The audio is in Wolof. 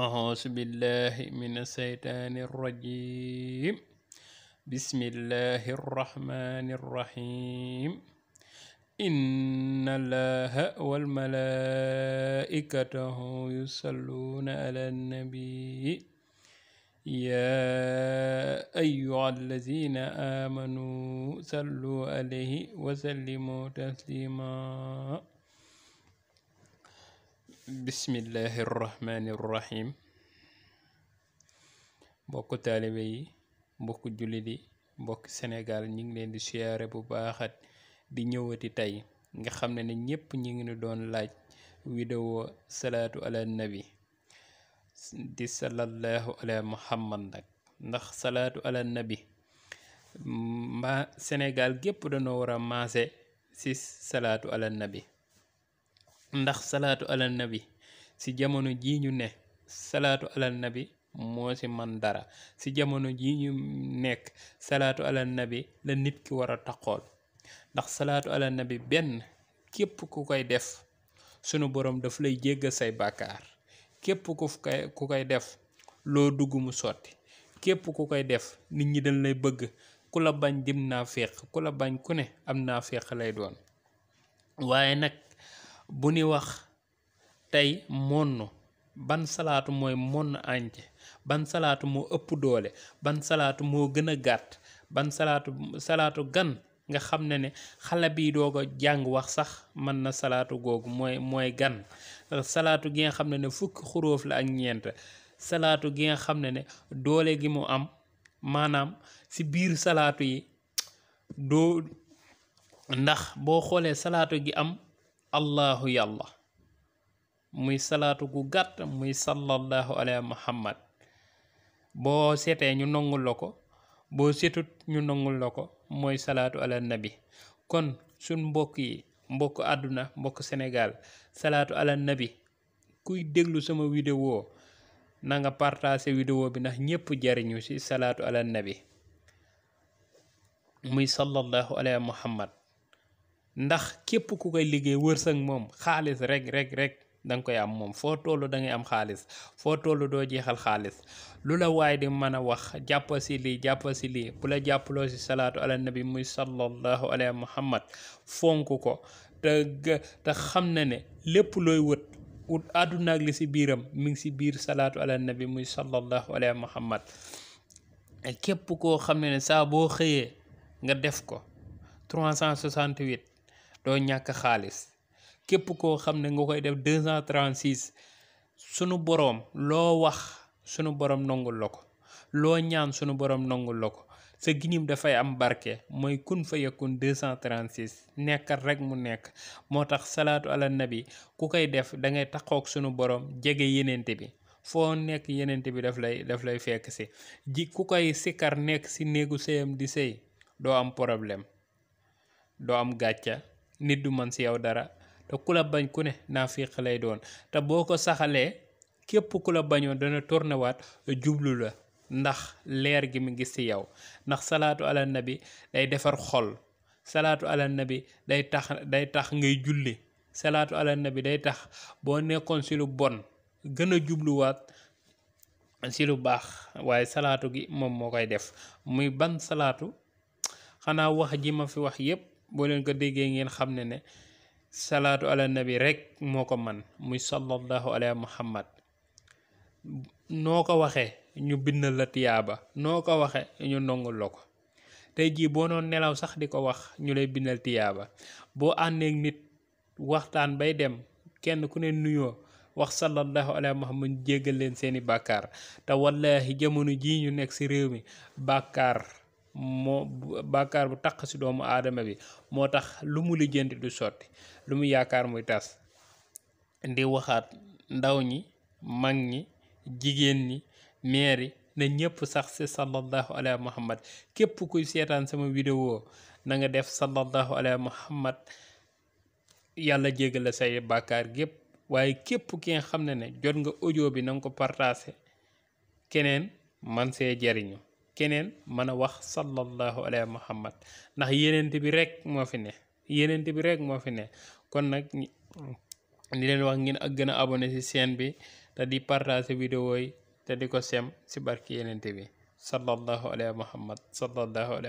أعوذ بالله من الشيطان الرجيم بسم الله الرحمن الرحيم إن الله والملائكته يصلون على النبي يا أيها الذين آمنوا صلوا عليه وسلموا تسليما bismillaahi rahmaani rahim mbokk yi mbokk jullit yi mbokk senegaal ñu ngi leen di siyaare bu baaxat bi ñëwati tey nga xam ne ne ñépp ñu ngi doon laaj vidéo salaatu ala nabi di sallallahu ala muhammad nag ndax salaatu ala nabi ma senegaal gépp dañoo war a maase ci salaatu ala nabi ndax salaatu alal nabi ci jamono jii ñu ne salaatu alal nabi moo ci man dara ci jamono jii ñu nekk salaatu alal nabi la nit ki war a taxool ndax salaatu alal nabi benn képp ku koy def sunu boroom daf lay jéggal say bàkkaar képp ku koy def loo dugg mu sotti képp ku koy def nit ñi dañ lay bëgg ku la bañ dim naa ku la bañ ku ne am naa féq lay doon waaye nag bu ni wax tey monn ban salaatu mooy monn entier ban salaatu moo ëpp doole ban salaatu moo gën a gàtt ban salaatu salaatu gan nga xam ne ne xale bi doo ko jàng wax sax mën na salaatu googu mooy mooy gan salaatu gi xam ne ne fukki xuróof la ak ñeent salaatu gi xam ne ne doole gi mu am maanaam ci biir salaatu yi doo ndax boo xoolee salaatu gi am allahu yàlla muy salaatu gu gàtt muy sallallahu ala muhammad boo seetee ñu nongul la ko boo seetut ñu nongul la ko mooy salaatu ala nabi kon suñ mbokk yi mbokk àdduna mbokk senegaal salaatu ala nabi kuy déglu sama vidéo na nga partager vidéo bi ndax ñépp jariñu ci salaatu ala nabi muy sallallahu ala muhammad ndax képp ku koy liggéey wër wërsëg moom xaalis rek rek rek danga koy am moom foo tollu dangay am xaalis foo toll doo jeexal xaalis lu la waay di mën a wax jàppa si lii jàppa si lii bu la jàppaloo si salaatu ala nabi muy sallallahu alayhi muhammad fonk ko te xam na ne lépp looy wët ut àdduna ak si biiram mi ngi si biir salaatu ala nabi muy sallallahu alayhi muhammad képp koo xam ne ne saa boo xëyee nga def ko 368 doo ñàkk xaalis képp koo xam ne nga koy def deux cent trente sunu boroom loo wax sunu boroom nongul la ko loo ñaan sunu boroom nongul la ko sa ginim dafay am barke mooy kun fa yakun deux cent trente six nekkal rek mu nekk moo tax salaatu ala bi ku koy def da ngay taxoog sunu boroom jege yeneent bi foo nekk yenente bi daf lay daf lay fekk si ji ku koy sikkar nekk si néegu sëyam di sëy doo am problème doo am gàcca nit du man ci yow dara te ku la bañ ku ne naafiq lay doon te boo ko saxalee képp ku la bañoon dana tornewaat jublu la ndax leer gi mu gis ci yow ndax salaatu ala bi day defar xol salaatu ala bi day tax day tax ngay julli salaatu ala bi day tax boo nekkoon si lu bon gën a jubluwaat ci lu baax waaye salaatu gi moom moo koy def muy ban salaatu xanaa wax ji ma fi wax yépp boo leen ko déggee ngeen xam ne ne salaatu ala nabi rekk moo ko man muy sallallahu ala muhammad noo ko waxee ñu bindal la tiyaaba noo ko waxee ñu nongul la ko tey jii boo noon nelaw sax di ko wax ñu lay bindal tiyaaba boo àndeek nit waxtaan bay dem kenn ku ne nuyoo wax sallallahu ala muhammad jéggal leen seeni bàkkaar te wallahi jamono jii ñu nekk ci réew mi bàkkaar moo bàkkaar bu taq ci doomu aadama bi moo tax lu mu lijjanti du sotti lu mu yaakaar muy tas di waxaat ndaw ñi mag ñi jigéen ñi meeri na ñëpp sax ci sallallahu ala muhammad képp kuy seetaan sama vidéo na nga def sallallahu ala muhammad yàlla jégal la say bàkkaar gépp waaye képp ki xam ne ne jot nga audio bi nanga ko partagé keneen man see jariñu keneen mën a wax sallallahu alayhi muhammad ndax yenent bi rek moo fi ne yenent bi rek moo fi ne kon nag di leen wax ngeen ak gën a abonné ci chaîne bi te di partager vidéo yi te di ko sem ci barki yenent bi sallallahu alayhi muhammad sallallahu alayhi